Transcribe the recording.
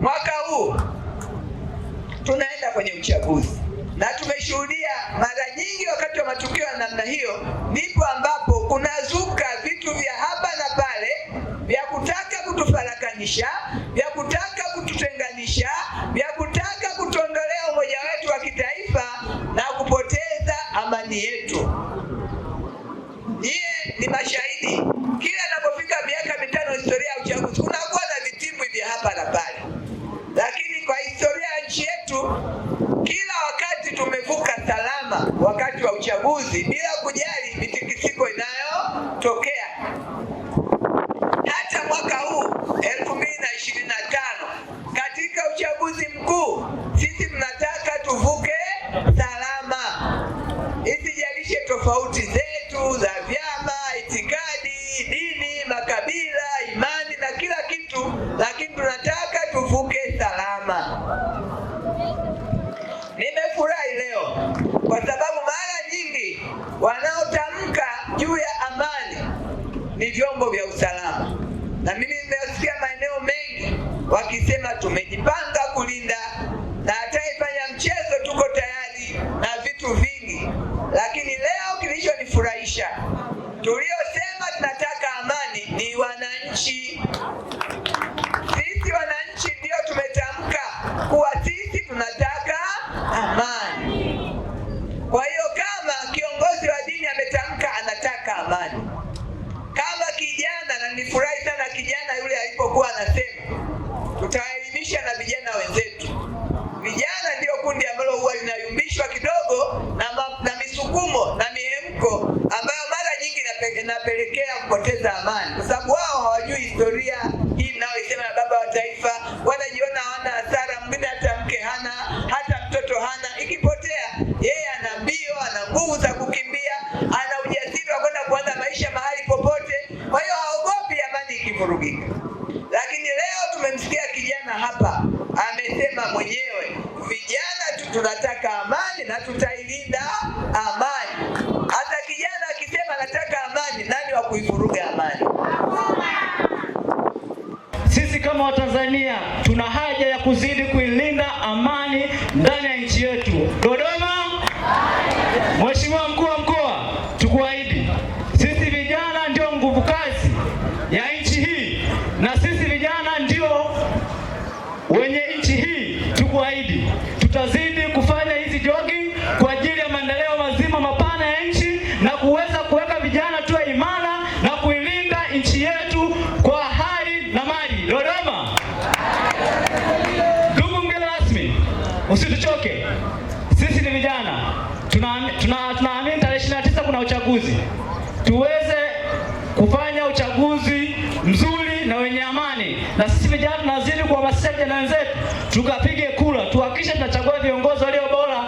Mwaka huu tunaenda kwenye uchaguzi na tumeshuhudia mara nyingi wakati wa matukio ya namna hiyo, ndipo ambapo kunazuka vitu vya hapa na pale vya kutaka kutufarakanisha, vya kutaka yetu kila wakati tumevuka salama wakati wa uchaguzi bila kujali mitikisiko inayotokea. Hata mwaka huu elfu mbili na ishirini na tano katika uchaguzi mkuu sisi tunataka tuvuke salama, isijalishe tofauti zetu za vyama, itikadi, dini, makabila, imani na kila kitu, lakini tunataka kwa sababu mara nyingi wanaotamka juu ya amani ni vyombo vya usalama, na mimi nimesikia maeneo mengi wakisema tumejipanga kulinda na ataifanya mchezo, tuko tayari na vitu vingi, lakini leo kilichonifurahisha tuliosema tunataka amani ni wananchi historia hii inayoisema na baba wa taifa, wanajiona hawana hasara, mwingine hata mke hana, hata mtoto hana. Ikipotea yeye ana mbio, ana nguvu za kukimbia, ana ujasiri wa kwenda kuanza maisha mahali popote, kwa hiyo haogopi amani ikivurugika. Lakini leo tumemsikia kijana hapa amesema mwenyewe, vijana tu tunataka amani na tutailinda amani. Hata kijana akisema nataka amani, nani wa kuivuruga? kuzidi kuilinda amani ndani ya nchi yetu. Dodoma, Mheshimiwa mkuu wa mkoa, tukuahidi sisi vijana ndio nguvu kazi ya nchi hii, na sisi vijana ndio wenye nchi hii. Tukuahidi tutazidi kufanya hizi jogi kwa ajili ya maendeleo mazima mapana ya nchi na kuweza kuweka vijana tuwe imara na kuilinda nchi yetu kwa Usituchoke, sisi ni vijana, tunaamini tuna, tuna tarehe 29 kuna uchaguzi, tuweze kufanya uchaguzi mzuri na wenye amani, na sisi vijana tunazidi kuhamasisha vijana wenzetu tukapige kura, tuhakikishe tunachagua viongozi walio bora